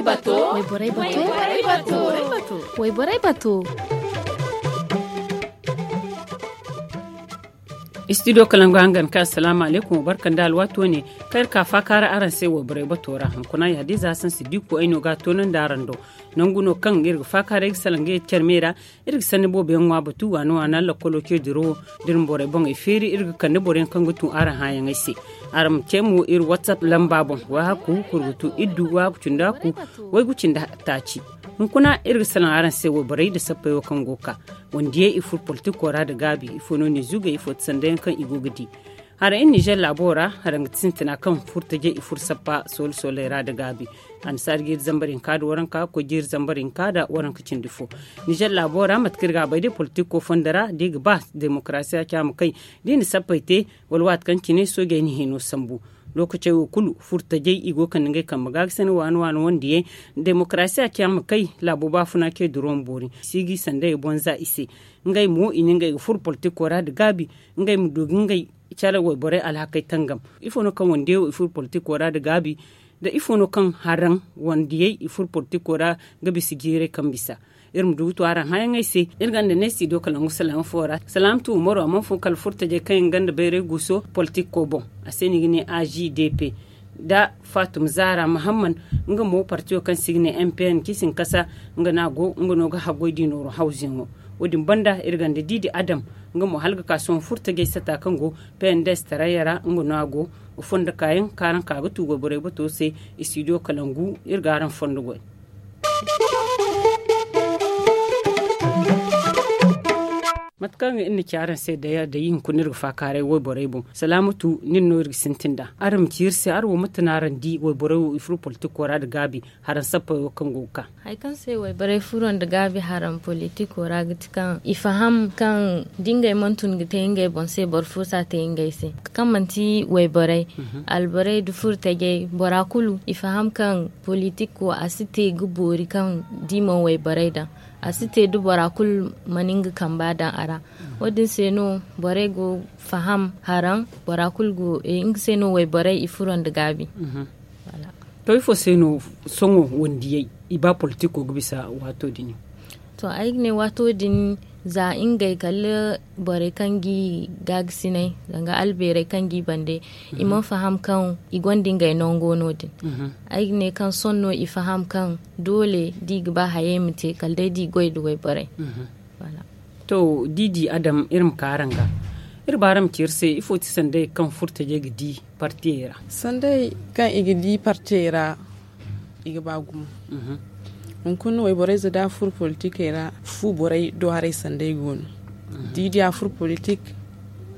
borai bato? Wai kalangu hangan ka assalamu alaikum barkan da alwato ne kar ka fa kara aran sai wa burai ba tora hankuna ya diza san sidiku aino ga tonan da aran do nan guno kan irga fa kara irga salange kermera irga sani bo ben wa batu wa no anan ke diro dirin bore bon e irga kan bore kan gutu aran hayan sai aram temu ir whatsapp lamba bon wa ku kurutu iddu wa cunda ku wai gucin da taci mun kuna ir aran sai wa barai da sappai wa kan goka wanda ya ifur ra da gabi no ne zuga ifo sandan kan gidi har in Niger labora har ngitsin tana kan furtaje ifur sappa sol ra da gabi an sargir zambarin ka da waranka ko gir zambarin ka da waranka cin difo nijar labora matkir ga bai da politiko fondara dig ba demokrasiya kya mu kai dini sapaite walwat kan kine so ga ni hino sambu lokacin kulu furta jai igo kan ngai kan maga sani wani wani wanda ye demokrasiya kya mu kai labo ba funa ke duron bori sigi sanda ya bonza ise ngai mu ini ngai fur politiko ra da gabi ngai mu dogin ngai chala wa bore alhakai tangam ifo no kan wanda ya fur politiko ra da gabi da ifono kan haran wanda yai ifur porti kora gabi gere kan bisa irin dutu aran hayan ai se irgan da ne si do kalangu salam fora salam tu umaru a fun kalfurta je kan ganda rai guso politik ko bon gini a gdp da fatum zara muhammad nga mo partiyo kan signe mpn kisin kasa nga nago nga noga hagoidi noro hausingo udin banda da didi adam nga mo halga kasuwan furta gai sata kango pendes tarayara ngo nago fonda kayan karan kaga tugo bore bato se isidio kalangu irgaran fondugo matkan ina kyaran sai da yar da yin kunir fa kare wai borai bu salamatu nin no sintinda aram kirse arwo mutunaran di wai borai ifru politiko ra da gabi haran sappa kan goka ai kan sai wai borai furon da gabi haran politiko ra gitkan ifaham kan dingai mantun gita ingai bon sai bor fusa ta ingai sai kan manti wai borai mhm. borai du furta ge borakulu ifaham kan politiko asite gubori kan dimon wai borai da asite du bora kul maninga kamba dan ara wadin seno bore go faham haram bora kul go e ing seno way bore ifuron da gabi wala mhm. to ifo seno songo wondiyai iba politiko gbisa wato dini to ne wato dini za ingay kalli bare kangi gag sinai danga albere kangi bande mm -hmm. iman faham kan igon dingai nongo nodin mm -hmm. ne kan no i faham kan dole dig ba haye mute kalde di goy bare. To mm -hmm. voilà. to didi adam irim karanga ir baram kirse ifo ti sandai kan furta je gidi partera sandai kan igidi partera iga ba mm -hmm. n kun way boray zada fur politique era fu borai do haray sanday gono mhm. didi a fur politique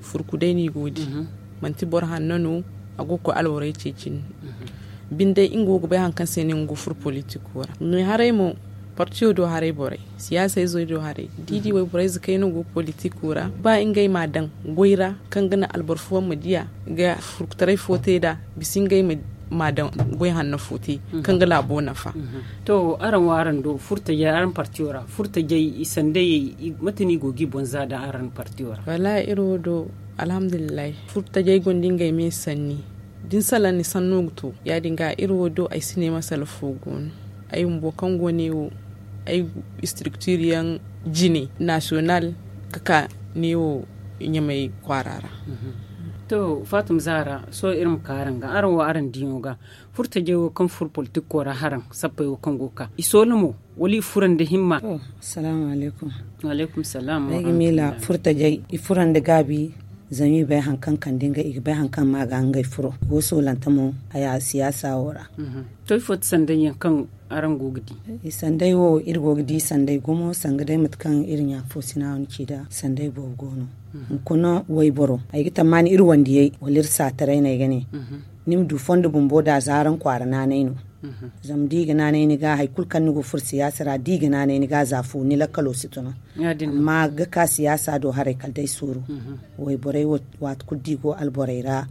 fur kudai ni godi mhm. manti bor hannanu ago ko alworay cecin mhm. dai ingo go bay hankan sene ngo fur politique wara ni haray mo parti do haray borai siyasa zo do haray didi way boray kai no go politique wara ba ingai madan goira kan gana albarfuwan mu diya ga furkutarai fote da bisin gai mu madan gwen hannu futi kan ga labo na fa to aran waran do furta ya aran partiora furta ya isande ya matani gogi bonza da aran partiora wala iro do alhamdulillah furta ya gondin ga me sanni din sala ni sannu to ya dinga iro do ai sine masal fugun ai mbokan gone wo ai structurian jini national kaka ne wo nyamai kwarara mm -hmm. to fatum zara so irin karin ga aran wa aran dino ga furta je kan fur politik ko ra haran sappa wa kan goka iso isolumo wali furan da himma to assalamu alaikum wa alaikum salam wa rahmatullah furta je furan da gabi zanyi bai hankan kan dinga iga bai hankan ma ga ngai furo lanta mu a aya siyasa wura mhm. toy fot sandan kan aran gogidi eh, sandai wo ir gogidi sandai gomo sangadai matkan irin ya fosina on da sandai bo gono mhm. kuna wai boro ta gita man ir wandi yai walir sa tarai na gane mhm. nim du fondo bumbo da zaran na nainu zam na ne ni ga haikul kan ni go fur siyasa ra na ne ga zafu ni lakalo situna amma ga ka siyasa do hare kal dai suru mhm. wai borai wat kuddi digo al boraira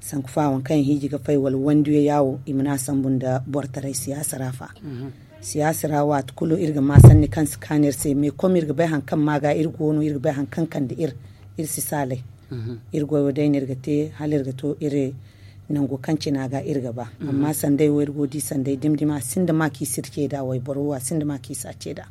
san kufa wan kan hiji ga fai wal ya yawo imna san bunda bortarai siyasa rafa mhm. siyasa ra wat kulo irga ma ni kan scanner sai me ko irga bai han kan maga irgo no irga bai han kan kan da ir ir sale mhm. irgo wadai ne irga te halirga to ire nango na ga irga ba mm. amma sandai wayar godi sandai dimdima sinda ma ki sirke da wai borowa sinda ma ki sace da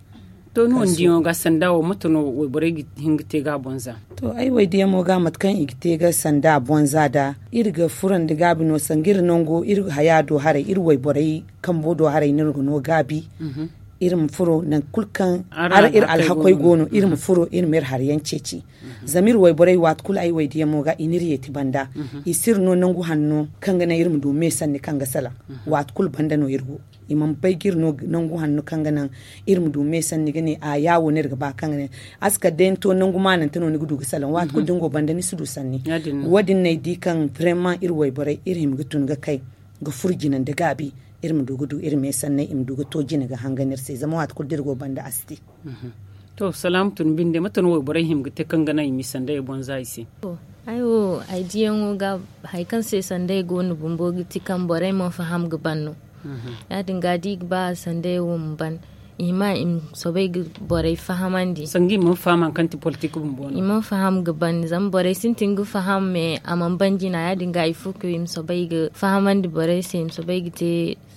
to no yo ga sanda wa mutuno wai bore hingite ga bonza to ai wai diya mo ga matkan igite ga sanda bonza da irga furan da gabi no sangir nango ir hayado hare ir wai bore kan hare nirgo no gabi mm -hmm. irin furo na kulkan har ir alhakoi gono irin mhm. furo irin mer har yanceci zamir wai borai wat kul ai wai diyamo ga inir yeti banda mhm. isir no nangu hanno kanga na irin do me sanni kanga sala mhm. wat kul banda no irgo imam bai gir no nangu hanno kanga nan irin do me sanni gane a yawo ne daga ba kanga ne aska den to nangu manan tano ni gudu sala wat kul dingo banda ni sudu sanni wadin nai kan vraiment ir wai borai irin gutun ga kai ga furginan da gabi irin dugudu irin mai sannan in dugu to jini ga hanganir sai zama wata kuldir goban da asti mhm. to salam tun binde matan wa ibrahim ga te kan gana mi sanda ya bonza isi to ayo aidiyan ga haikan sai sanda ya no bumbo ti kan bore mo faham ga banno mhm. ya dinga di ba sanda wun ban. ima im sobe borai fahamandi sangi mun faham kan ti politiku bumbo ima faham gaban zam borai sun tingu faham mai amman banjina ya dinga ifuku im sobe ga fahamandi borai sai im sobe te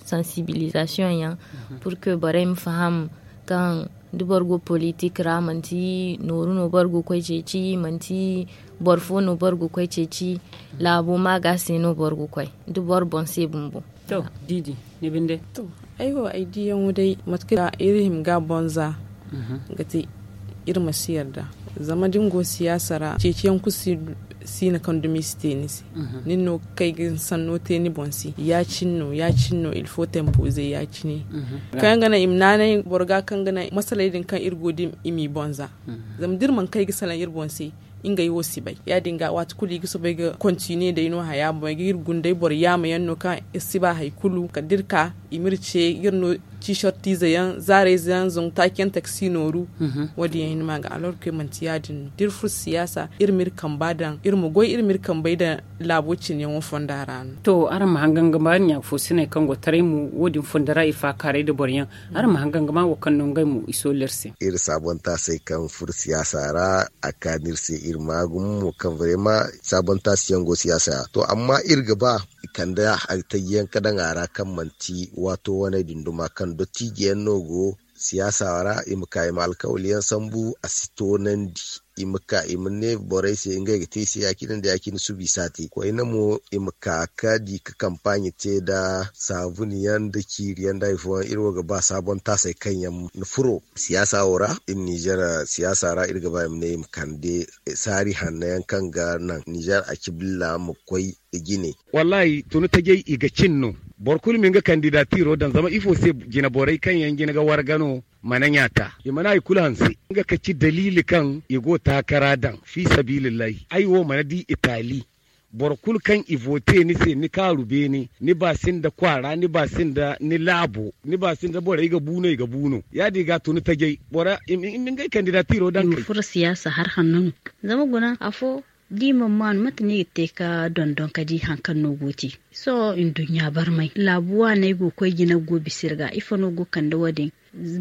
sensibilisation yan hein, pour que barème faham kan borgo politique ra manti noru no borgo manti borfo no bargo kwai la labo maga se no borgo kwai dubar bon se bumbu to didi ne binde to aiwa aidiyan dai matka irin ga bonza mhm. gati irma zama dingo siyasara ceciyan kusi na kan dumi tenisi mhm. Ni no kai gin san no teni bonsi ya cinno ya cinno il tempo ya cini mhm. kan gana imnanai borga kan gana masalai din kan irgodim imi bonza mhm. zam dirman kai gisalan irbonsi inga yi wasi bai ya dinga wata kuli gisa bai ga ne da ino haya bai gir yi bor ya mayan no kan isiba haikulu ka dirka imirce girno t-shirt yan, zare zan zon taken taxi noru mhm. wadi yayin ga alor ke manti yadin dirfu siyasa irmir kan badan irmu goy irmir kan da labocin yan fondaran to aran hangan gama nya fo sine kan go tare mu wodin fondara ifa kare da boryan mm. aran hangan gama wo kan non gai mu isolerse ir sabon ta sai kan fur siyasa ra akanir sai ir magum mu kan vrema sabon ta siyango siyasa to amma ir gaba kan da tayyan kadan ara kan manti wato wani dinduma kan dottijiyen nogo siyasa wara imka ima yan sambu a sitonandi imka imne borai se inga gite se yakin da yakin su bi sati ko ina mu imka ka di ka kampanye te da yan da yan da ifo irwa ga ba sabon ta sai kan yan nufuro siyasa wara in Niger siyasa ra irga ba imne de sari hannayan kan ga nan Niger a kibla mu koi gine wallahi tunu ta gai iga cinno borkul minga candidature dan zama ifo se gina borai kan yangi ga wargano mana imana kula hansi nga kaci dalili kan igo takara dan fi sabilillahi aiwo manadi itali borkul kan ivote ni se ni karube ni ni basin da kwara ni basin da ni labo ni basin da bora ga buno ga buno ya ga tuni tagei bora imin ga candidature dan kai fur siyasa har hannun zama guna afo dima man matani te ka dondon ka di hankan no goti so in dunya bar mai labuwa ne go gobi gina go bisirga ifa no go kan da wadin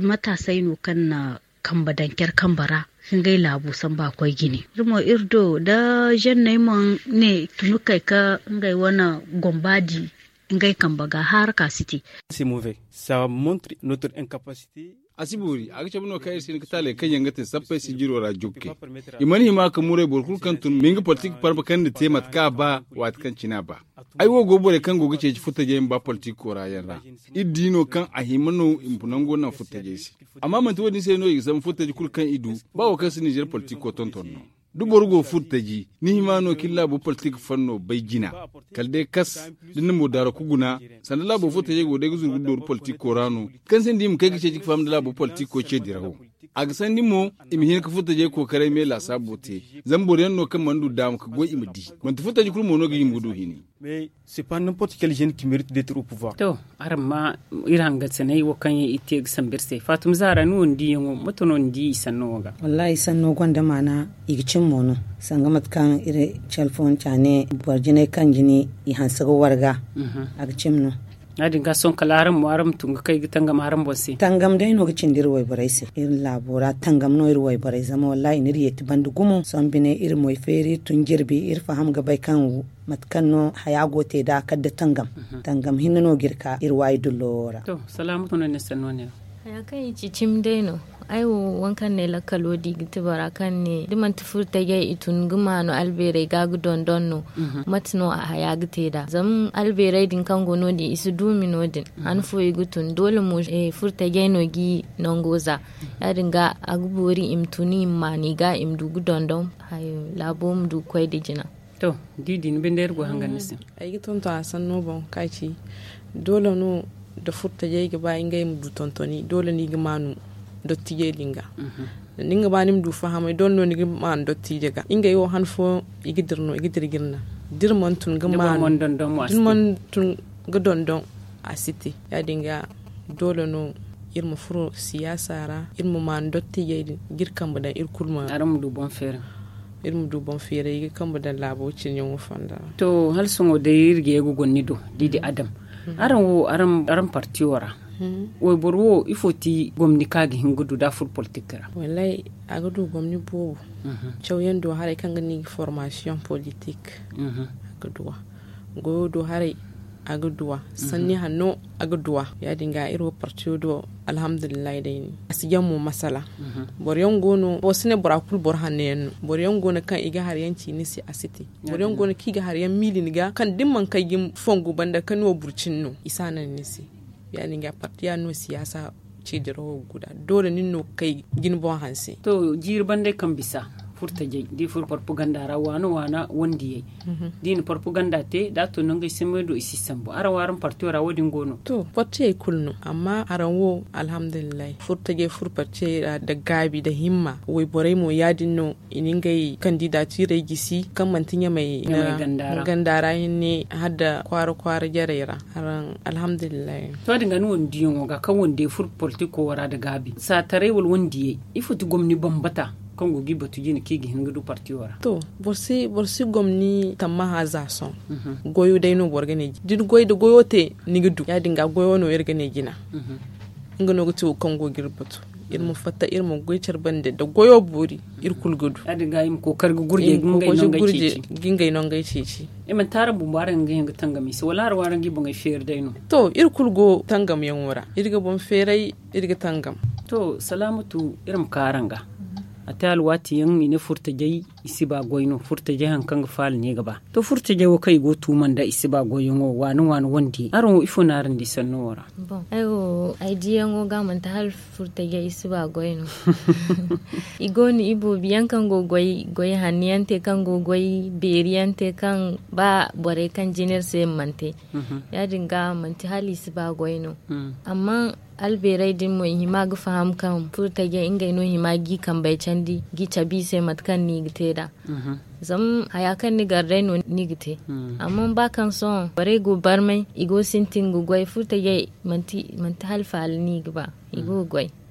matasai no kan na kamba dankyar kambara sun gai labu san ba koi gini rumo irdo da jan ne man ne tunu kai ka ngai wana gombadi ngai kambaga har ka city c'est mauvais ça montre notre incapacité asiburi agacabuno ka irsin katale kan yangate sappe si jiro ra jukke imani ma ka mure bor kul kan tun minga politik parba kan de temat ka ba wat kan cina ba ai wo gobore kan gice ji futa je ba politik ko ra yan ra idino kan ahimano impunango na futa je si amma man to wani sai no exam futa kul kan idu ba wo kan si jiro politik ko tonton no du borgo furtaji ni himano killa politique fanno bay jina kalde kas din mu dara kuguna sandala bo furtaji go de guzur gudur politique korano kan sen dim kay kice fam dala bo politique ko ce dirawo a ni nimo imi hin ka futa je ko kare me la sabote zambo ren no kan mandu mu ka go di man futa je kuma no ga yim gudu hini mais c'est pas n'importe quel jeune qui mérite d'être au pouvoir to arma iran ga tsanai wo kan yi ite ga san birse fatum zara nu ndi yango mutuno ndi sanno ga wallahi sanno gonda mana igicin mono sanga matkan ire telephone chane barjine kan jini i hansaga warga mhm. agicin no adin ga son kala haram mu tun tunga kai ga tangam aram bonse tangam dai no gicin dir wai barai se ir labura tangam no ir wai barai zama wallahi nir riyet bandu gumo son bine ir moy feri tun girbi ir faham ga bai kan matkan no haya gote da kadda tangam mhm. tangam hinno girka ir wai dullora to salamu tunan ne ne haya kai cicim dai no ai wankan ne la kalodi bara kan ne diman tufur ta gai itun guma no albere gagu don don no mhm. no a haya gite da zam albere din kan no di isu dumi no din mhm. an gu tun dole mu e ta gai no gi non goza mhm. ya im tuni im mani ga imdu gudon don hayo mu du kwai jina to didin bin der hanga hangan mm. nisin ai gitun to san no bon kaci dole no da furta in ga ba mu du tontoni dole ni gimanu manu dottiye linga mhm. ninga banim du fahama don no ni man dottiye ga inga yo han fo igidirno igidirgirna dirmon tun ga man dirmon tun ga don don a city ya dinga dole no irma furo siyasara irma man gir kamba da kulma aram du bon fere irin bon fere yi kamba da labocin yin fanda To hal sun de da yirge ya gugun nido didi mhm. adam. aram mhm. aram aram partiora oy bor wo il faut ti gomni kage hingudu da fur politique ra wallahi agadu gomni bo mhm. chawyen do hare kanga gani formation politique mhm. agaduwa goyo do hare agaduwa mhm. sanni hanno agaduwa ya dinga iro parti do alhamdulillah dai ni asiyan mu masala boryan gono bo sine bora kul bor hanen boryan gono kan iga har yanci ni si asiti boryan gono ga har yan mili ni ga kan dimman kai gim fongu banda kan wo burcin no isana ni si yani ga partiya no siyasa ci diro guda dole nin no kai gin bon hanse to jirban dai kan bisa furta jai di fur propaganda ra wani wana wandi yai mhm. di ni propaganda te da to nonga semme do isi sambo ara waran parti ra wodin gono to fotte e kulno amma aran wo alhamdulillah furta jai fur parti da gabi da himma wai borai mo yadin no ga yi candidature gisi kan mantinya mai gandara ne hada kwara kwara jarera aran alhamdulillah to ganu ni yin ga kan wonde fur politiko wara da gabi sa tare wal wondi yai ifutu gomni bambata kongo gi batu jini kigi hingi du parti wara to borsi borsi gomni tamma ha za son mm -hmm. goyo dai no borgane did goy de goyo te du ya dinga goyo no yergane gina mm -hmm. ngano gutu kongo gir batu irmu fatta irmu goycar bande da goyo buri mhm. kul gudu adin ga im kokar gu gurje gingai non ga cici gingai non ga cici man tara bumbaran ngay hinga tangami so wala rawaran gi ngay fer dai no to kul go tangam yan wura irga bon ferai irga tangam to salamatu irim karanga mhm. a ate alwati yang ine furtajai isiba goyno furtajai hankanga fal ne gaba to jai wo kai go tuman da isiba goyongo wani wani wandi aron ifo narin di sanno wara bon ayo aidiya yan ga man ta hal furtajai isiba goyno ni ibo biyan kan go goyi goyi haniyante kan go goyi beriyante kan ba bore kan jiner se te mhm. ya dinga man ta hal isiba goyno mm. amma alberai din mo hima gu faham kan furta ge inga ino hima gi kam bai candi gi cabi sai matkan ni gite da mhm. zam haya kan ni garre no ni gite mhm. amma ba kan son bare gu barmai igo sintin gu gwai furta ge manti manti halfa ni gba igo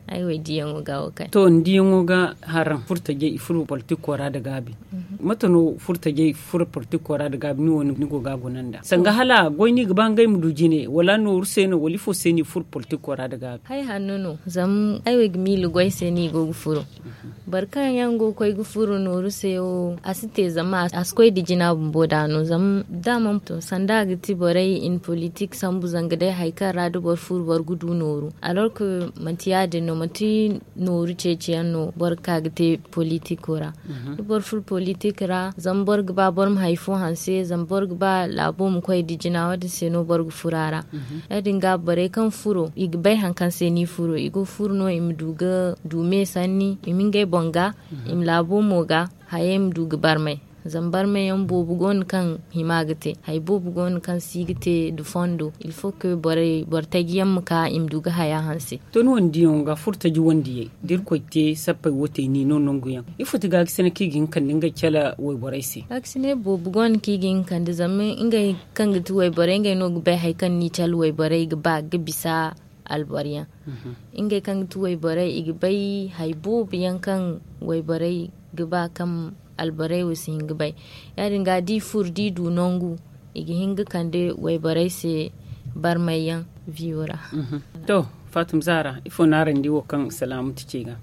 aiwai diyan uga okay to diyan uga haran furta ge furu politikora da gabi mhm. matano furta ge furu kora da gabi ni niko ni nan da sanga hala ni gaban gai mudu jine wala no urseno wali fo seni furu politikora da gabi hay hannuno zam aiwe gmilu goy seni go gufuru mhm. barkan yango koy gufuru no urseyo asite zama askoy dijina bumbo dano zam damam to sanda giti borai in politik sambu zangade haikara do bor furu bor gudu noru alorku que mantiyade no no mati noru cece no bor kagte politikora mm -hmm. bor ful politikra zam bor gba bor haifu hanse zam bor gba labo mu koy dijina wadi se no bor furara mm -hmm. edin ga bare kan furo ig igbe hankan se ni furo igo furno im duga dume sanni iminge bonga mm -hmm. im labo moga hayem dug barmai zambar me yan bobugon kan himagite hay bobugon kan sigite du fondo il faut que bore bortagi yam ka duga haya hanse ton wondi yonga furta ji wondi ye dir ko te sappa wote ni non non guyan ifo tiga kisene kigin kan dinga ninga chala way boraisi aksine bobugon kigin kan de zamme inga kan gitu way bore inga no gbe hay kan ni chal way bore ga ba ga bisa albariya mhm. inga kan gitu way bore igbai hay bobu kan way bore ga kan albarai wisi hinga bai ya ga di fur di dunongu igi igi kan kande wai barai se bar mai yan viura mhm. to fatum zara ifo naran wa kan salamu ce ga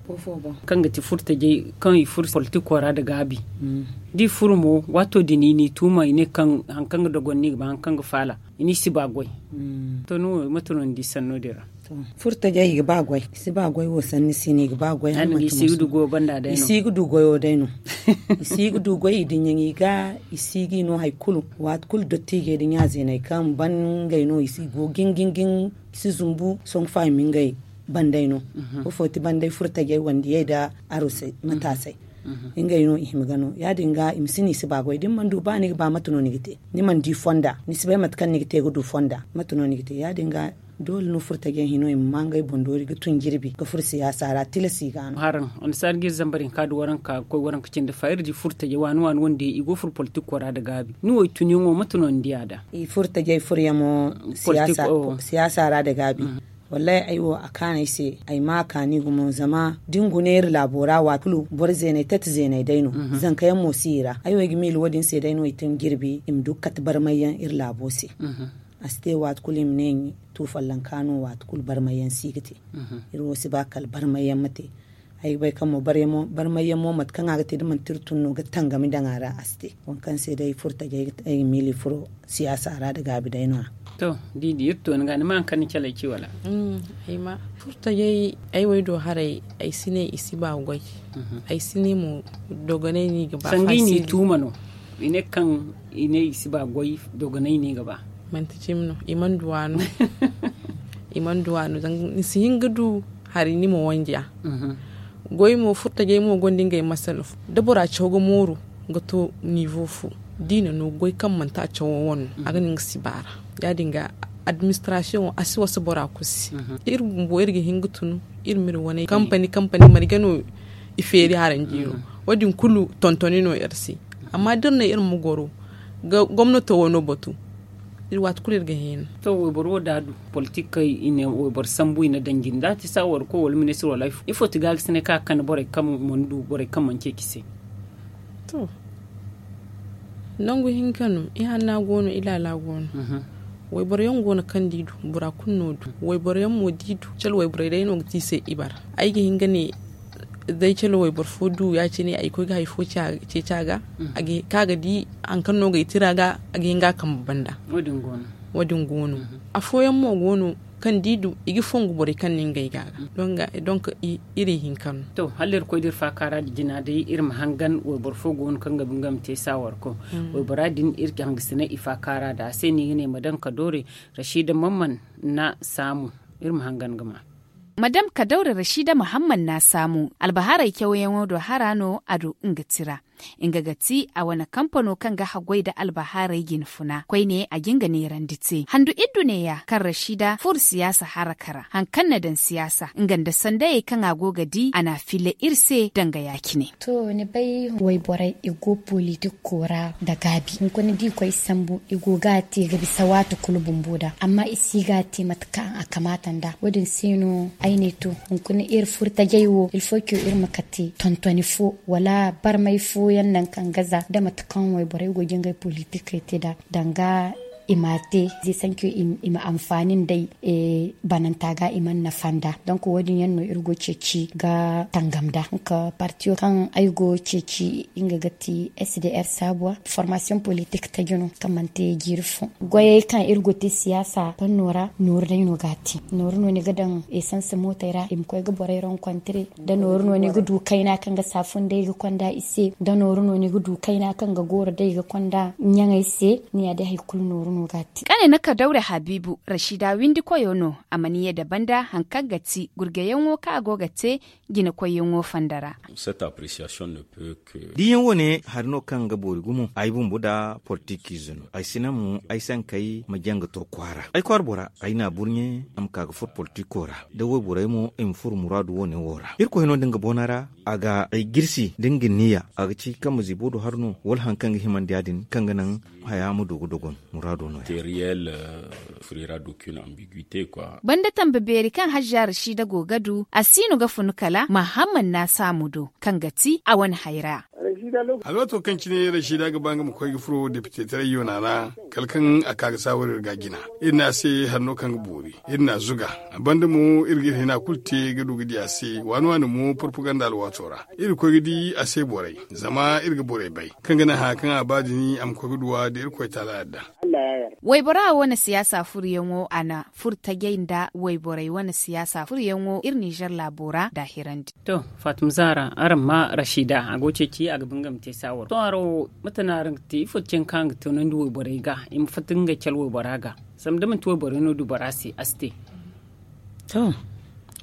kan ga ti furta je kan yi fur politi da gabi mm. di furmo wato dini ni tuma ne kan hankan da gonni ba hankan fala ini si bagoi mm. to no matunan di sanno dira furta ja yi ba gwai si ba gwai wasan ni sini ba gwai an gi si gudu go banda da no si gudu go yo dai no si gudu go yi din yi ga isi gi no hay kulu wat kul dotti ge din ya zai kan ban ga no isi go gingin gin si zumbu son fa min ga bandai no ko foti bandai furta ja wandi ya da aruse matasai inga yino ihim gano ya dinga imsini si bagoy din man ba ni ba matuno ni gite ni man di fonda ni sibai matkan ni gite go du fonda matuno ni gite ya dinga dole n'u furta gen hino in mangai bondori ga tun girbi ga ya sara ra tilasi gano haran on sargi zambarin kadu waran ka ko waran kacin da fayar ji furta ge wani wani wanda ya igo fur politik kora da gabi ni wai tun yunwa mutunan da. i furta ge fur yamo siyasa oh. siyasa ra da gabi mhm. wallahi aiwo a kana se ai ma kani gumo zama dinguner labora wa kulu bor zene tat zene daino mhm. zan kayan mosira aiwo gimil wadin se daino itin girbi im dukkat barmayan ir labose mhm. aste wat kulim ne tu fallan kanu kul barmayan sigite mhm. iro wasu ba kal barmayan mate ai bai kamo barmo barmayan mo mat kan aga tidan tirtun tunu ga tangami dangara aste wankan sai dai furta ga ai mili furo siyasa ra daga bidai no to didi yitto nga ni man kan kala ki wala mm ai ma furta ga ai wai do harai ai sine isi ba gwai mhm. ai sine mu dogane ni gaba sangini tumano ine kan ine isi ba gwai dogane ni gaba manti chimno iman duwanu iman duwanu zan nisi gudu hari ni mo wanja mhm. goyi mo furta ge mo gondi ngay masal dabora chogo moro goto niveau fu dina no goy kam manta chowo won mhm. aga ning bara. ya dinga administration asi wasu bora kusi mhm. ir bo irgi hingutunu ir mir wani company company marigano iferi haran jiro wadin kulu tontonino yarsi. amma dirna irin mugoro gwamnati wani batu irwat kulir ga hen to we bor dadu politique kay ine we bor sambu ina dangin dati sa war ko wal ministre wala ifo tigal sene ka kan bore kam du bore kam ke kise to nangu kanu i na gonu ila la gonu mhm. wai bar yan gona kan didu bura kunno du mhm. wai bar yan mo didu chal wai bar dai no se ibar aigi hingane zai ce lowai barfo du ya ce ne a yi kogi haifo ce caga mm. ga kaga di an kano ga itira ga age ga kan banda wadin gono wadin gono mm-hmm. a foyan mo gono kan didu igi fongu gubori kan gai ga. Mm. don ga don ka iri hinkan to halir ko dir fakara dina dai ir mahangan wo barfo gon kan ga bingam te sawar ko mm. wo baradin ir kan gisne ifakara da sai ni ne madan ka dore rashidan mamman na samu ir mahangan gama madam kadaura rashida muhammad na samu albahara kyauyen wodo harano ado ingatira a wani kamfano kan ga hagwai da albaharai funa. kwai ne a ginga ne randice handu idu ne ya kan rashida fur siyasa harakara hankan na dan siyasa inganda sandaye kan agogadi ana fila irse danga yaki ne to ne bai wai borai politik kora da gabi in kuni di kwai sambu igo gati ga bisa kulubun boda amma isi gati matka a kamatan da wadin sino aine to in kuni ir furta jaiwo ilfo ir makati fo wala mai fo yan nan kan gaza da matakan wai borai gogin gai politika da danga ima te zai san ki ima e banantaga iman na fanda don wadin no irgo ceci ga tangamda ka partiyo kan aigo ceci inga gati SDR sabuwa formation politique ta gino kaman te girfo goye kan irgo te siyasa pan nora nor dai no gati nor no gadan e san su im koy ga borai ron da ne gudu kaina kan ga safun dai ga ise da ne gudu kaina kan ga gora dai ga ise ni ya dai ngati kane naka daure habibu rashida windi koyono amaniye daban da hankan gati gurge yanwo ka agogate gina koyon fandara cette appréciation ne peut que di yanwo ne kan ga bori gumu ai bumbu da portiki zunu ai sinamu ai san kai majanga to kwara ai kwar bora ai na burnye am ka ga fut portikora da wo bora mu in fur muradu woni wora irko hino dinga bonara aga ai girsi dinga niya aga ci kamuzi bodo harno wal hankan himan dadin kan ganan haya mu dogo dogon muradu matériel euh, offrira d'aucune ambiguïté quoi banda tambaberi kan da rashida gogadu asinu ga funukala muhammad na samudo kan gati a wani haira a aloto kan cine rashida ga banga mu koyi gifuro da fitetar yona na kalkan a kaga sawar ga gina ina se hannu kan buri ina zuga a banda mu irgir hina kulte ga dugidi a se wani wani mu da alwatora iri ko gidi a se borai zama irga borai bai kan gana ha kan abajini am ko giduwa da irkwai ko tala da wai a wani siyasa furiyanwo ana furta da wai borai wani siyasa furiyanwo irin nijar labora da hirandi to fatum zara aran ma rashida a goce agbengam sawar toaro matanarang ti ifotchen kang tonandu borega im fatinga chalwo boraga samdam tuwa borino du borasi aste to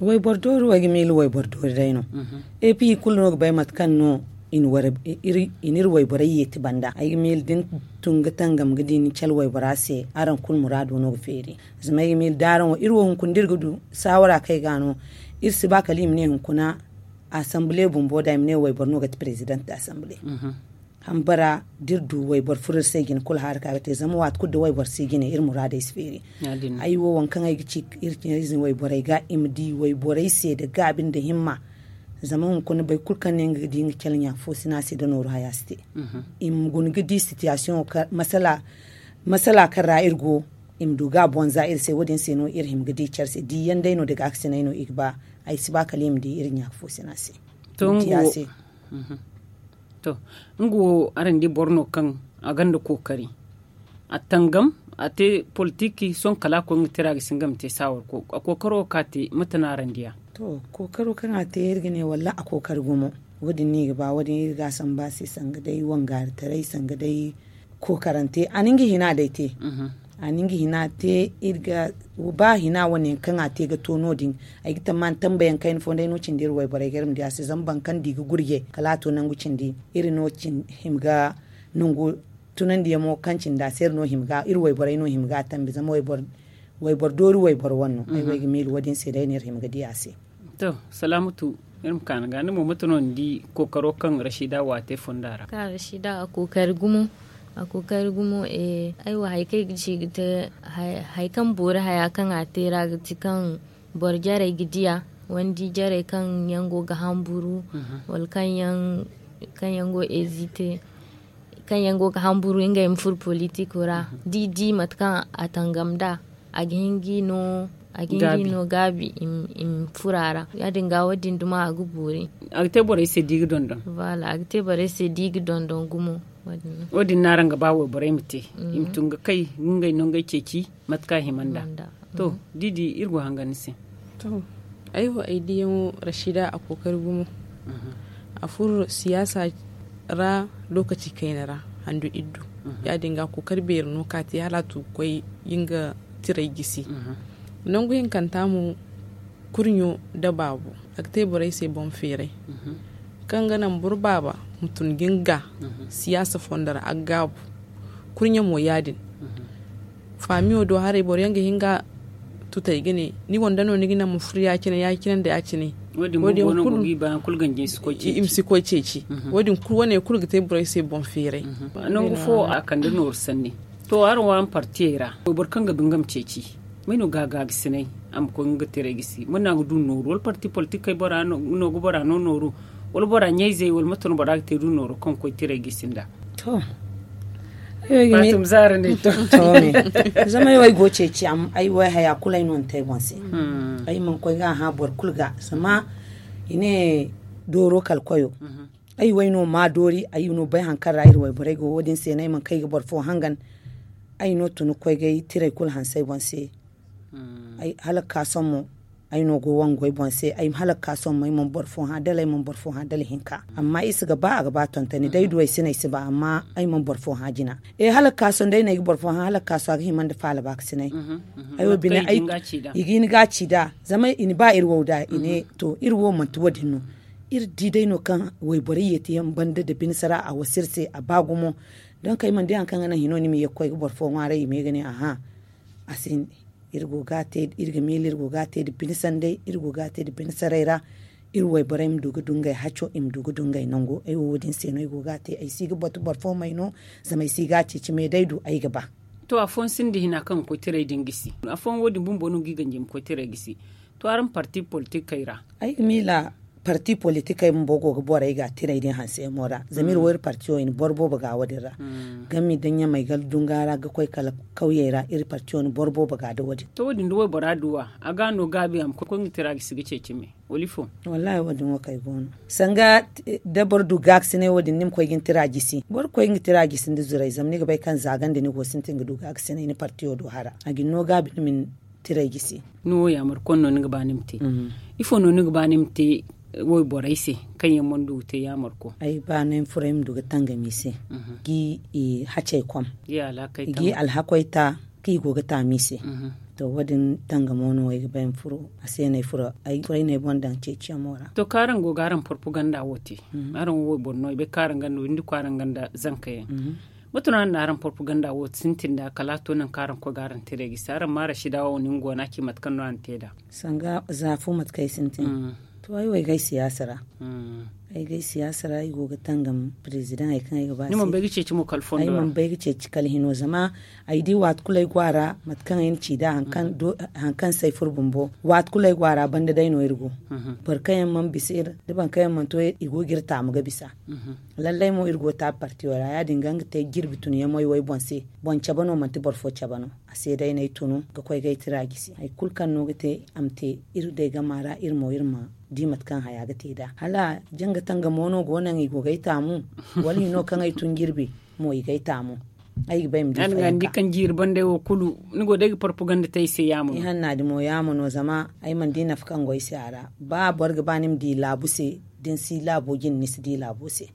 way bordoru wagi mil way bordoru dayno mhm. e pi kulno bai mat kanno in wara iri in iri inir way borayi ti banda ay mil din tunga tangam gidi ni chal way borase aran kul muradu no feri zama mil daran wa irwo hun kundirgudu sawara kai gano irsi ba kalim ne hun assemblée bumbo da mine wai borno ga president da assemblée mhm. hambara dirdu wai bor furur segin kul har ka te zama wat kudda wai bor segin ir murada isferi ai wo wankan ai gici ir izin wai borai ga imdi wai borai se da ga abin da himma zaman kun bai kulkan ne ga dinga kelnya fo sina se da noru haya ste mhm. im gun gidi situation masala masala kan ra irgo im duga bonza ir se wodin se no ir him gidi charse di yandai no daga aksina no igba ay si ba kalim di irin ya fo sina se to se go mhm. ngu aran di borno kan a ganda kokari a tangam a te politiki son kala ko ngitira ga singam te sawar ko a kokaro ka te mutana randiya to kokaro kan a te ne walla a kokar gumo Wadi ne ba wadin ga san ba sai sanga dai wanga tarai sanga dai ko karante aningi hina dai te mhm. aningi hina te irga ba hina wani kan a te ga tono din a gita man tambayan kai fo dai nocin dir wai bare garim da sai zamban kan diga gurge kala to nan gucin di irin nocin himga nungu tunan da yamo kancin da sayar no himga ir wai bare no himga tambi zama wai bar wai bar dori wai bar wannan ai mhm. wai gimil wadin sai dai ne himga di ase to salamatu irin kan ga ni mu mutunon di kokaro kan rashida wa te fondara ka rashida a kokar gumu ako kar gumo e eh, aiwa wa hai kai gici ta hai kan bore haya kan atera gici kan borjare gidiya wandi jare kan yango ga hamburu mhm. wal kan yang kan yango ezite kan yango ga hamburu inga im fur politiko ra mhm. di di matkan atangamda a agingi no a no gabi in furara ya dinga wadin duma a gubure agte bore se digi dondon wala agte bore se digi dondon gumo wadin na ranga bawo bore mite mm -hmm. kai ngai ngai keki matka himanda Manda. Mm. to didi irgo hangani se to aiwa aidiyan rashida a kokar gumo mhm. a fur siyasa ra lokaci kai na ra handu iddu mhm. ya dinga kokar bayar no kati halatu kwai yinga tirai gisi mhm. non guhin kan tamu kurnyo da babu akte borai sai bon fere mhm. kan ganan burbaba mutun ginga mhm. siyasa fondar agabu kurnya mo yadin mhm. famiyo do hare bor yanga hinga tuta igene ni wanda no nigina mu furiya kina ya kinan da ya cine wadin mu wono kugi ba kulgan je su koce im si koce ci wadin kur wane kulga te borai sai bon fere nan gufo akan da nur sanne to har wan partira bor kanga bingam ceci mino gaga gisinai am ko nga tere gisi muna du noru wal parti politique kay bora no go bora no noru wal bora nyaize wal maton bora te du noru kon ko tere nda to mi zara ne to to mi zama yoy goce ci am ay wai haya kulai non te bonse hmm. ay man ko ga ha bor kulga sama ine doro kalkoyo mhm. ai wai no ma dori ay no bay hankara ai wai bore go wodin se nai man kai ga bor fo hangan ai no tunu koy ga tire kul hansai bonse Mm. ay halak ka sommo ay no go wan goy bon se ay halak ka sommo ay mon borfo ha dala mon borfo ha dala hinka mm. amma isi ga ba ga ba tonta mm. dai duwai sinai si ba amma ay mon borfo ha jina e halak ka son dai na gi borfo ha halak ka so ga himan da fala ba sinai mm-hmm, mm-hmm. ayo bina ay igi ni ga ci da zama in ba irwo da ine mm-hmm. to irwo man to wadinu ir dai no kan wai bari yete yan banda da bin sara a wasirse a bagumo don kai man dai an kan ana hinoni mi yakoi borfo ngare mi gani aha asin irgu gate irga mil irgu gate di pinisande irgu gate di pinisareira irwai bara im dugu dungai hacho im dugu dungai nongo ai wodin seno irgo gate ai siga botu barfo mai no zama ai siga cici mai daidu ai gaba to afon sindi hina kan ko tire dingisi afon wodin bumbo no giganjem ko tire gisi to aran parti politik kaira ai mila parti politika in bogo bora ga tira idin hanse mora zamir mm. wayar parti parti in borbo baga wadira mm. gami danya mai gal dungara ga koi kala ra iri parti in borbo baga da wadi to wadin duwe bora duwa a gano gabi am ko kun tira gi sige cecime olifo wallahi wadin kai gono sanga eh, dabar du gax ne wadin nim koi gin tira gisi bor koi gin tira gisi da zurai zamni ga bai kan zagan da ni go sintin ga du gax ne ni parti o do hara gin no gabi min tira gisi no ya mar konno ni ga banimte mm. ifo no ni ga banimte woi borai se kan ye mondo te yamar ko ai ba nan furem duga tanga mi se mm -hmm. gi i hace kwam ya la kai gi alhakoita ki goga ta mi se mm to wadin tanga mono wai ga bayan furo a sai ne furo ai kurai ne bondan ce ce mora to karan go garan propaganda wote mm -hmm. aran woi bonno be karan gando indi karan ganda zankaye mhm. mutuna na ran propaganda wo sintin da kala to nan karan ko garan tere gi saran mara shida wa onin gona ki matkan no an teda sanga zafu matkai sintin mhm. to ai wai gai siyasara hmm. ai gai siyasara ai goga tangam president ai kan ai gaba ni mun bai gice ci mu kalfon ai mun bai gice ci kalhino zama ai di wat kulai gwara mat kan ai ci da hankan hmm. hankan sai furbun bo wat kulai gwara banda dai no irgo hmm. bar kayan man bisir da ban kayan man to go girta mu ga bisa lallai mu irgo ta partiwara ya dinga ta girbitun ya mai wai bonse bon chabano man ti borfo chabano asedai nay tunu ga koy gay tiragisi hay kulkan no gate amte ir de gamara ir mo irma dimat kan haya gate da hala janga tanga mono gonan i go gay tamu wali no kan ay tun girbi mo i gay tamu ay ga bayim difa an kan jir bande wo kulu ni go dai propaganda tay se yamu i na di mo yamu no zama ay man dina fkan goy se ara ba borga banim di labuse din si labo jin nisi di labuse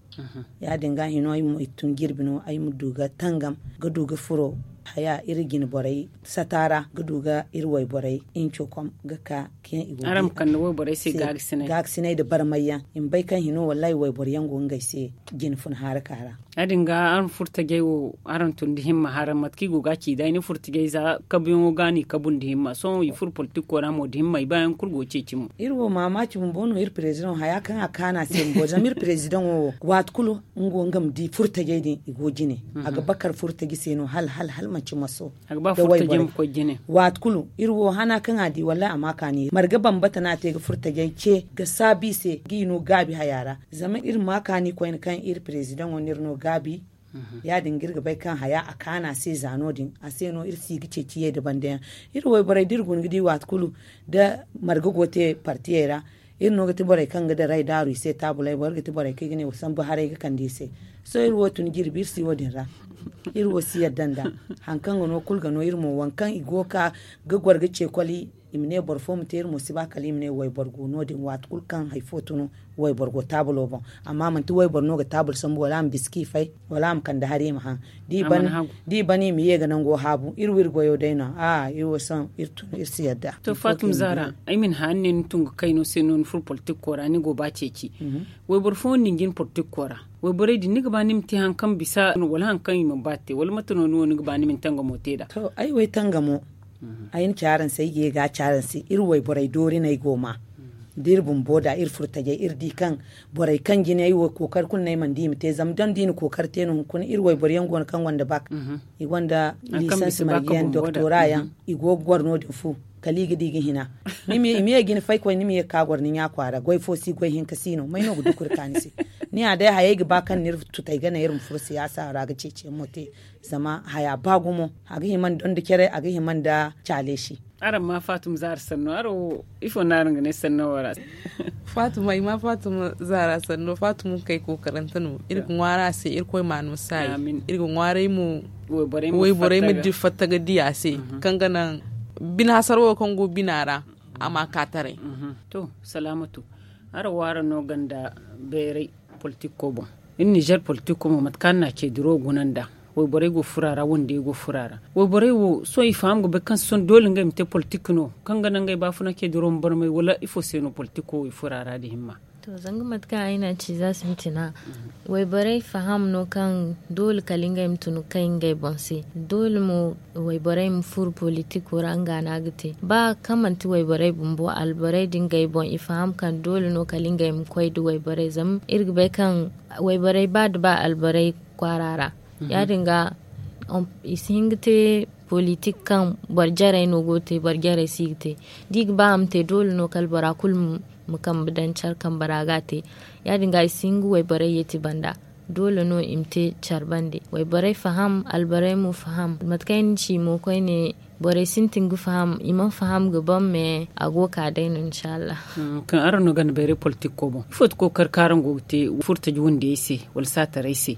ya dinga hino ay mo itun girbi no ay mu duga tangam ga duga furo haya irgin borai satara gudu irwai borai in chokom ga ka ken iwo aram kan no borai se ga aksine da barmayya in bai kan hino wallahi wai boryan go ngai se gin fun har kara adin ga an furta gai wo aran tun di himma haram matki go ga ki dai ni furta gai za kabin wo gani kabun di himma so yi fur politik ko ramo di himma bayan kurgo ce ci mu irwo mamaci mun bono ir president haya kan akana sai go zamir president wo wat kulo ngo ngam di furta gai ni igo gine mhm. aga bakar furta gi se no hal hal hal manci maso da wai Watkulu, irwo hana kan adi wala maka ne marga bambata na te furta ce. ga sabi se gino gabi hayara zama ir maka ne ko kan ir president wani no gabi mhm. ya dingir ga bai kan haya a kana sai zano din a sai no ir si gice ciye daban da ir wai dirgun gidi da marga gote partiyera irin no gati barai kan gada rai daru sai tabulai bore gati barai kai gane wasan buhari ga kan dise so ir wotun girbi si wadin ra ir wasiyar danda hankan gano kul gano ir mo wankan igoka ga gwarga ce kwali imine borfo muter musiba kali imine way borgo no din wat kul kan hay no way borgo tabulo bon amma man ti way borno ga tabul sambu wala am biski fai wala am kan da ma ha di ban di bani mi yega nan go habu irwir dai na a yo san ir si yadda to fatum zara ai min hanin tunga kaino non full politik kora ni go ba ki mhm. way borfo ningin politik kora way boredi ni gaba banim ti han kan bisa wala han kan yimo batte wala matono no ni gaba nim tanga da. to ai way tanga mo ayin kyaran sai ge ga kyaran si ir wai borai dori nay goma dir bun boda ir furtaje ir di kan borai kan gine yi wa kokar kun nay man di mi te zam dan di ni kokar te nun kun ir wai borai gon kan wanda bak mhm. i wanda lisansi magiyan doktora yan mhm. i go gorno din fu kaligi digi hina nimi imiye gini fai ko nimi ye ni nya kwara goy fosi goy hin kasino mai no gudukur kanisi ni a dai haye gi bakan nir tutai gana irin fur siyasa raga cece mote zama haya a aga himan don a aga himan da cale shi aran ma fatum zar sanno aro ifo narin ne sanno wara fatum ma fatum zara sanno fatum kai ko karantanu irin wara sai irkoi manu sai irkin warai mu wai borai mu di ga diya sai mhm. kanganan bin hasarwa kongo binara amma katare mhm. to salamatu har wara no ganda bere. politik ko bon in niger politique ko mat kan na ke duro gunanda wai bore go furara wanda go furara wai bore wo so i fam go be kan son dole ngai mte politique no kan ga ngai ba funa ke duro mbar mai wala ifo seno politik ko i furara di himma to zanga matka aina ci za su na wai barai faham no kan dole kalinga im tunu kain gai bonse dole mu wai barai mu fur politik ranga na gite ba ti wai barai bumbo albarai din gai bon faham kan dole no kalinga mu koi du wai barai zam bai kan wai barai ba da ba albarai kwarara mhm. ya dinga isingite politik kan barjarai no gote barjarai sigte dig ba te dole no kalbara kulmu mukam dan charkan baragate yadin dinga singu wai bare yeti banda dole no imte bande wai bare faham albare mu faham matkain ci mo koi ne bare sin tingu faham iman faham gu bom me ago ka dainu inshallah hmm, kan arno gan bare politik ko bon fot ko karkaran go te furta juwunde ise wal satare ise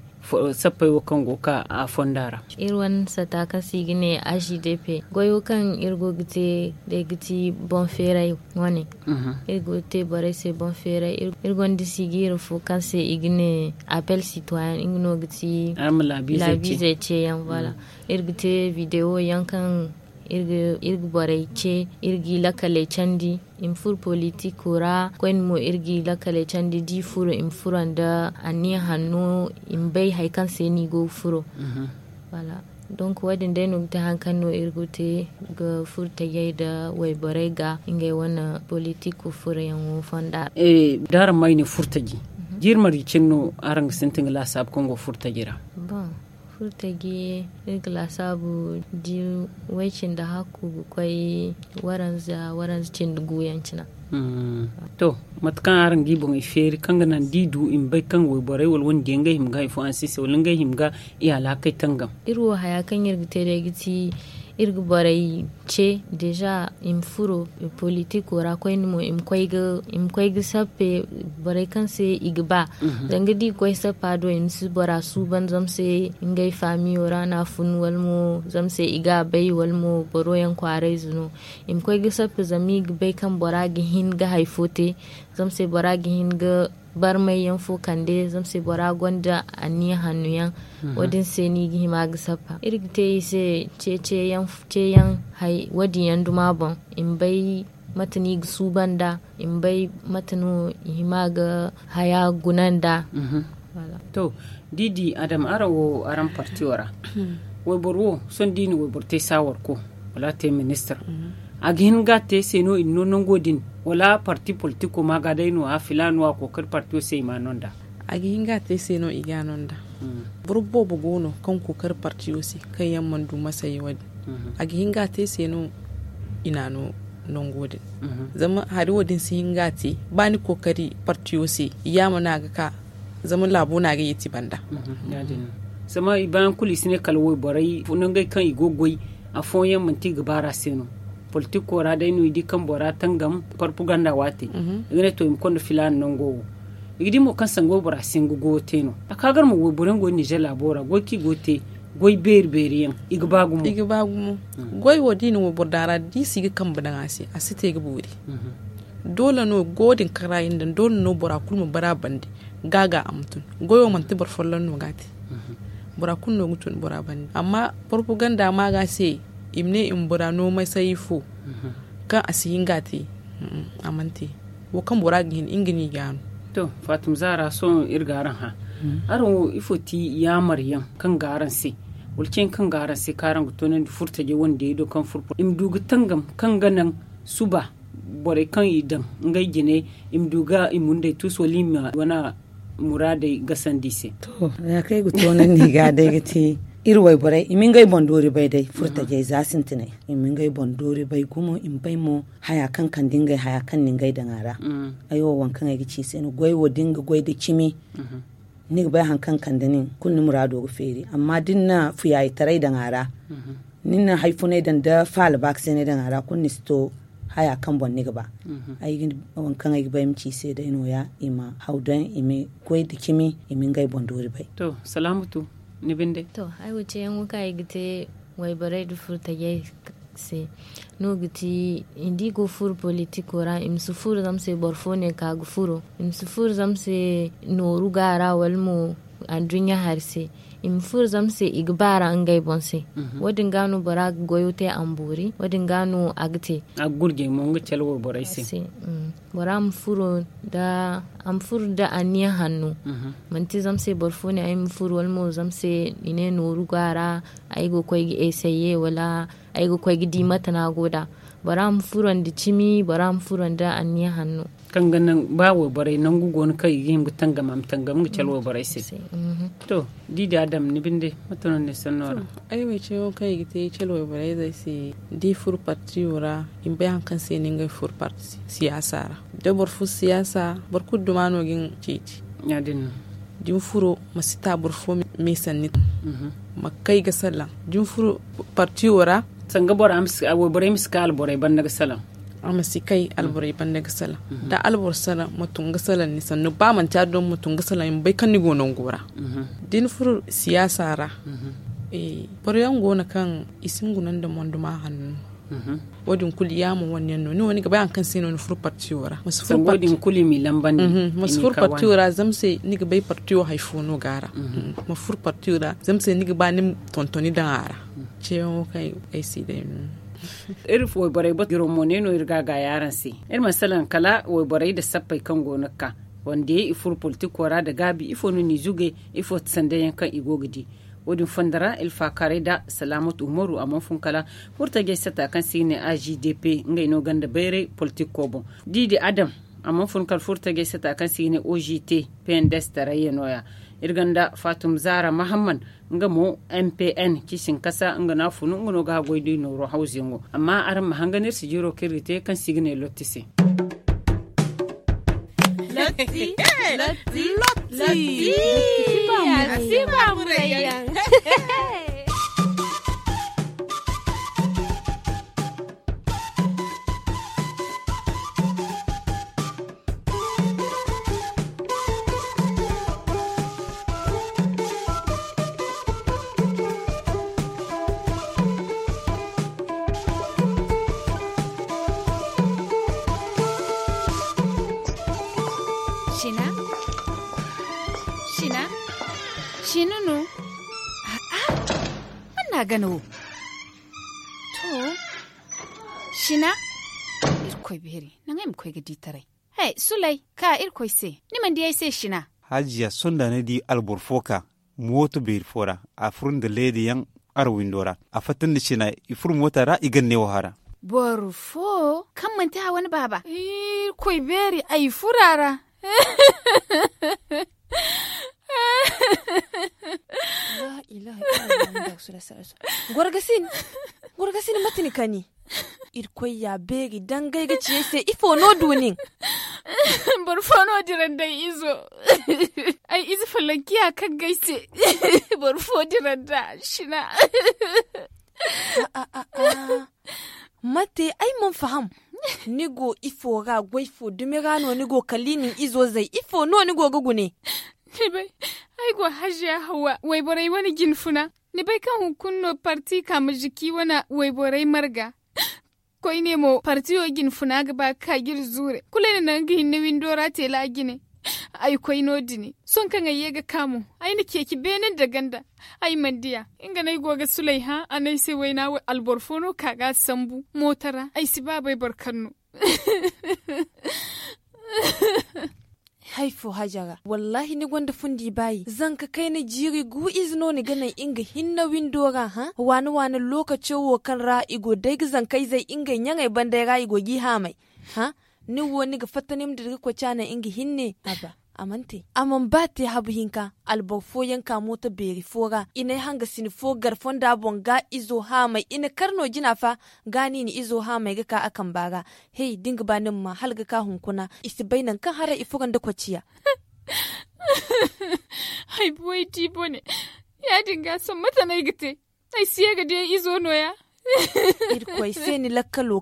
sapai e wakan goka a fondara irwan satakasi gine agdp goyo kan irgo gite da giti bon ferai wani mhm. irgo te bare se bon ferai irgon disi gir fo kan se igne appel citoyen igno giti am la bize ce yan wala mhm. te video yan kan irgi irgi boraice irgi lakale candi in fur politikura kwen mo irgi lakale candi di furo in furanda ani hannu in bai haikan sai ni go furo mhm. wala donc din dai no ta hankan no irgute ga furta yai da wai borai ga inga wana politiku furo yan fanda eh dar mai ne furta ji mhm. jirmari cinno arang sintin la sab kongo furta jira bon furtage irgila sabu di waikin da haku kwai waranza waranza cin guyancina Mm. to matukan aran gibon iferi kan nan didu in bai kan wai borai wal himga ifo an sisi wal ngai himga iya la tangam irwo haya kan yirgite da giti irga borai ce deja in furo politik ora koy nimo in koy ga im koy ga sappe borai kan se igba danga mhm. di koy sappa do in su bora su ban zam se gai fami ora na fun walmo zam se iga bai walmo boro yan kwarai zuno in koy ga sape zami ga bai kan bora ga hin ga haifote zam se bora ga hin ga bar mai yin fukan da zam se bora gonda ni hannu yan wadin mhm. se ni gi ma ga sappa irin te se ce ce yan ce yan hai wadin yan duma bon in bai matani ga su banda in bai yi ma ga haya gunan da mhm. to didi adam arawo aran partiwara hmm. wai borwo sun dini wai borte sawar ko wala te minister mm -hmm. A aginga te seno inno godin wala parti politiko no a filano a kokar partio se imanonda aginga te seno iganonda mm. burbo bugono kan kokar partio se kan man du masa yawadi hmm. A gihin aginga te no ina no mm godin hmm. zama hari wadin si hinga te bani kokari partio se na ga ka zama labo ga yiti banda hmm. zama -hmm. yeah, kulisi ne kalwoi barai funan gai kan igogoi a fonyan manti gabara seno politique kora da inu idi kan bora tangam propaganda wate ngene mhm. to im kondo filan non go igidi mo kan sango bora singu go teno akagar mo ngo go Niger bora go ki go te goy beer beeriyan iga baagumo iga baagumo mm. goy ni wo dara di sigi kamba dangasi asite iga buuri mhm. dole no godin karayin dan dole no bora kulma bara bandi gaga amtun goyo man tibar follon no gati mhm. bora kunno gutun bora bandi amma propaganda ma ga sai imne in bura no mai sai fo kan asiyin gati a mm, amante wo kan bura gin ingini gano to fatim zara so ir garan ha mm. aron ifo ti ya maryam kan garan sai wulcin kan garan sai karan gutonin furta je wanda ya do kan furfa im dugu tangam kan ganan suba bore kan idan ngai gine im duga imunde tusolima wana murade gasandise to ya kai gutonin ni ga dai gati irwai bore imin gai bondori bai dai furta jai zasin tine imin gai bondori bai gumo in bai mo haya kan kan dingai haya kan ningai da ngara mm. ayo wankan ai gici sai no goi wo dinga goi da kimi mm-hmm. ni bai han kan kan dinin kunni murado go feri amma dinna fuyayi tarai da ngara mm-hmm. ninna haifunai dan da fal ne da ngara kunni sto haya kan bon niga ba mm-hmm. ai wankan ai bai ci sai dai no ya ima haudan imi goi da kimi imin gai bondori bai to salamatu nibinde to ai wuce yan wuka ya gite wai bare da furta ya se no giti indi go fur politiko ra im su fur zam se borfone ka go furo im su fur zam se noru gara walmo andrinya harse In fur zam se igbara gai bonse mhm. wadin ganu bara goyo te amburi wadin ganu agte agurge mo nga chelwo bara se mm. bara am furo da am fur da aniya hannu mhm. manti zam se borfo ne ay fur wal mo zam se ine no rugara ay go koy gi esaye wala ay go koy gi dimata na goda bara am furo da cimi bara am furo da aniya hannu tanga nan ba wo bare nan gugo ni kai yin tanga mam tanga mu chal wo bare se to di da adam ni binde matono ne sonora ai we che wo kai gite chal wo bare zai se di fur parti ora in be han kan se ni ngai fur parti siyasa da bor fu siyasa Bar kuddu mano gin cici ya din jin furo masu tabur fo me sanni makai mhm. ga sallan jin furo parti ora sanga bora a am awo bare miskal bora ban daga sallan amasikai alburai daga gasala da albur sala mutun sala ni sannu ba man ta don mutun sala in bai kan ni gonon gora din furu siyasa ra eh yan gona kan isin gunan da monduma hannu wadin kuli ya mu wannan no ni wani ga bayan kan sai no fur partiwara masu fur wadin kuli mi lamban mhm. ne masu fur partiwara sai ni bai partiwa haifo no gara mhm. ma fur partiwara sai ni ba ni tontoni da ara mhm. ce kai ai sai da mm. ir waibarai borai ba giro moneno irga ga yaran si ir masalan kala wai da sappai kan gonaka wanda ya ifur politikora da gabi ifo nuni zuge ifo tsandayen kan igogidi wadin fandara ilfa da salamat umaru a manfun kala furta gaisa ta kan sine agdp ngai no ganda bere bon didi adam a manfun kal furta gaisa ta kan ne ogt pendes tarayya noya irganda fatum zara mahamman nga mo mpn kishin kasa nga na funu nga ga goydi no ro hausingo amma aran mahanganir si jiro kirite kan signe lotise Lotti, Lotti, Lotti, Lotti, Lotti, Lotti, ಆಗನು ಥೋ ಶಿನಾ irkoi beri nan ai mkoi gidi tarai hey sulai ka irkoi se ni man diyai se shina hajiya sonda ne di alborfoka moto beir fora a furun da lady yan arwindora a fatan da shina ifur mota ra igan ne wahara borfo kan manta wani baba irkoi beri ai furara la ilaha illallah rasulullah gorgasin gorgasin matini kani irkoy ya begi dangay ga ciyese ifo no dunin barfono diran dai izo ai izo falankiya kan gaise barfo diran da shina mate ai man faham nigo ifo ga gwaifo dumira no nigo kalinin izo zai ifo no nigo gugune libai aigwa hajiya hawa waiborai wani ginfuna nibai kan hukunno parti kama jiki wana waiborai marga koi ne mo parti o ginfuna gaba ka gir zure kule ne nan ne windora tela gine ai koi no dini son kan ayye ga kamu ai ne ki benin da ganda ai mandiya inga nai goga sulaiha anai sai waina wai alborfono kaga sambu motara ai si babai barkanno haifo hajara wallahi ni gwanda fundi bayi zan ka kai ni jiri gu izno ni ganan inga hinna windora ha wani wani lokacin wo kan ra dai zan kai zai inga yangai bandai ra igo gi ha mai ha ni wo ga fatanim da ko cana inga hinne aba amante aman bate habu hinka alba fo yanka mota beri fora ina hanga sini fo garfon da bonga izo ha mai ina karno jina fa gani ni izo ha mai gaka akan baga hey dinga banin ma halga ka hunkuna isi bainan kan hara ifuran da kwaciya ai boy ti ne ya dinga son mata na gite ai siya ga dai izo noya irkwai sai ni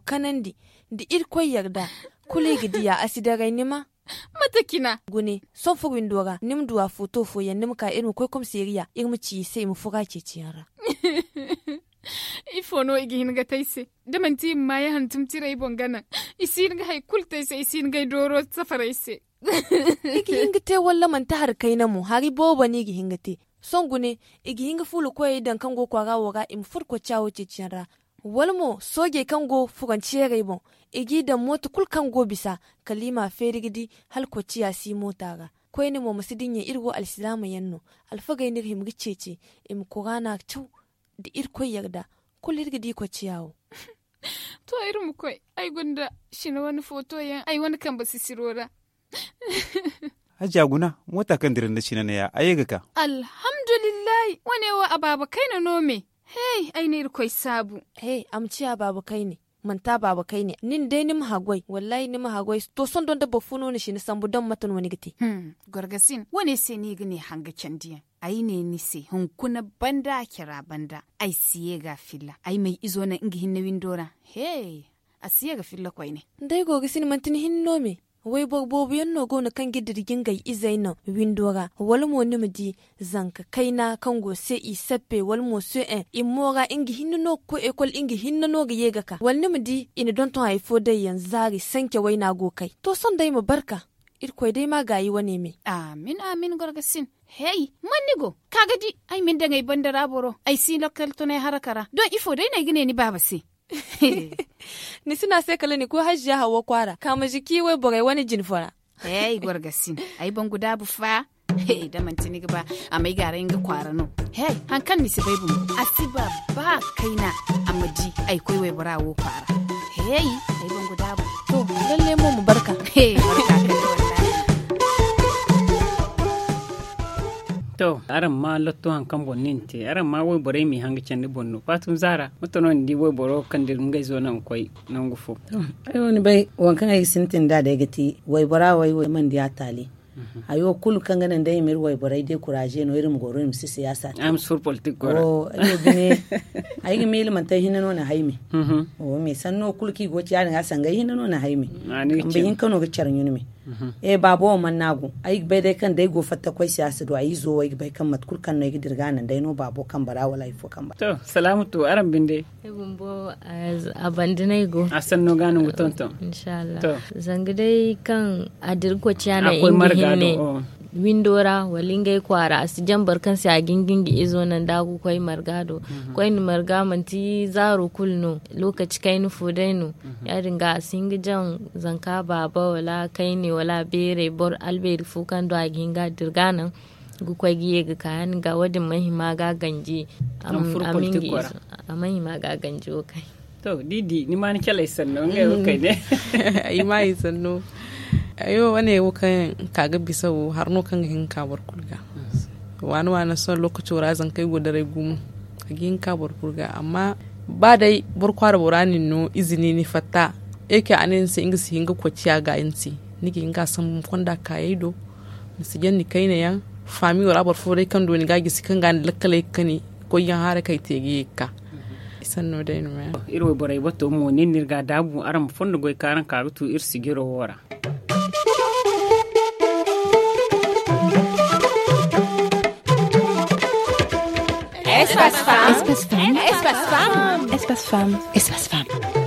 kanandi da irkwai yarda kule gidiya asidarai nima matakina guni so fog winduwaga nim duwa fu to fu ya nim ka irin kwai kom seriya ig mu ci se imu foga ce ciyara ifono igi hinga taise damanti ma ya hantum tira ibon gana isin ga hay kul taise isin ga doro safara ise igi hinga te walla man ta har kaina mu hari boba ni igi hinga te songune igi hinga fulu kwai dan kango kwaga waga im furko chawo ce ciyara walmo soge kango fuganciyere ibon igi da mota kul kango bisa kalima ferigidi halko ciya si motaga koyni mo masidinye irgo alsilama yanno alfaga inir him gicece im kurana chu da irko yagda kul irgidi ko ciyawo to mu koi ay gunda shina wani foto yan ay wani kan basu sirora Hajiya guna mota kan dirin da shi na ya ga ka. Alhamdulillah wa ababa kai na nome. ai ne kai sabu. Hei, amciya babu kai ne. manta babu kai ne nin dai ni mahagwai. wallahi ni mahagwai. to son don da ba funo ni shini sambu don matan wani gite hmm gwargasin. wani sai ni gane hanga candiyan ai ne ni se hunkuna banda kira banda ai siye ga fila ai mai izo na ingi hinna windora Hei, a siye ga fila kwai ne dai gorgasin mantini hinno me wai borbobu nogo gona kan gidirgin gai izai windora walmo nimu di zanka kaina kan go se i walmo su en imora ingi hinna no ko ekol ingi hinna no ga yega ka wal nimu di ina don ton haifo dai yan zari sanke na go kai to son dai mu barka irkoi dai ma gayi wane me amin amin gorgasin hey manigo kaga di ai min da ngai bandara boro ai si lokal tonai harakara don ifo dai na gine ni baba si ni suna se kala ni ko hajja hawa kwara kama jiki wai bogai wani jin fara hey gwargasin ai ban guda bu fa hey da man tini ba a mai gara inga kwara no hey hankan ni sibai bu asiba ba kaina amaji ai koi wai burawo kwara hey ai ban guda bu to lalle mu mu barka hey barka to aran ma lotto han kan bonnin te aran ma wai bore mi hanga candi bonno patun zara mutono ndi wai boro kan dir zo nan nan gufo sintin da da gati wai bora wai wai man dia tali mhm. ayo kul kan ganin dai mir wai borai dai kuraje no irin goro mi si siyasa am sur politik gora o oh, ayo bine ayi mi ilman tai hinano na haimi mhm. o oh, me sanno kul ki goci an ga sanga hinano na an e eh, babo o man nagu ai bai dai kan dai gofar ta kwai siyasa do ai zo wai bai kan matkur kan no gidirga nan dai no babo kan bara wala ifo kan ba to salamu to aran bin dai e bumbo as abandine go asan no ganu gutonto Allah to zangi dai kan adir ko ciana ingi ne windora walingai kwara sijan barkan si a gingingi izo nan dagu kwai margado mhm. kwai ni marga manti zaro kulno lokaci kai ni fudainu mhm. ya dinga singi jan zanka baba wala kai ni wala bere bor albeir fukan do a ginga dirganan gu kwai giye ga kayan ga wadin mahima ga ganje a mahima ga ganje kai to didi ni ma ni kyalai ngai mm. kai ne ai mai sannan ayo wane wo kan kaga bisa wo har no kan hin ka bar kulga wani wani son lokacin razan zan kai gudare gumu a hin ka bar kulga amma ba dai bar kwara burani no izini ni fatta a nan sai ingisi hinga kwaciya ga insi nige hinga san do kayido yan ni na yan fami wa rabar furai kan doni ni ga gisi kan ga lakkale kani ko yan hara kai tege ka sanno da inu ya. irwe barai bato umu ne nirga dabu aram fondo goy karan karutu ir sigiro wara. Es was fam. Es was fam. Es was fam. Es was fam.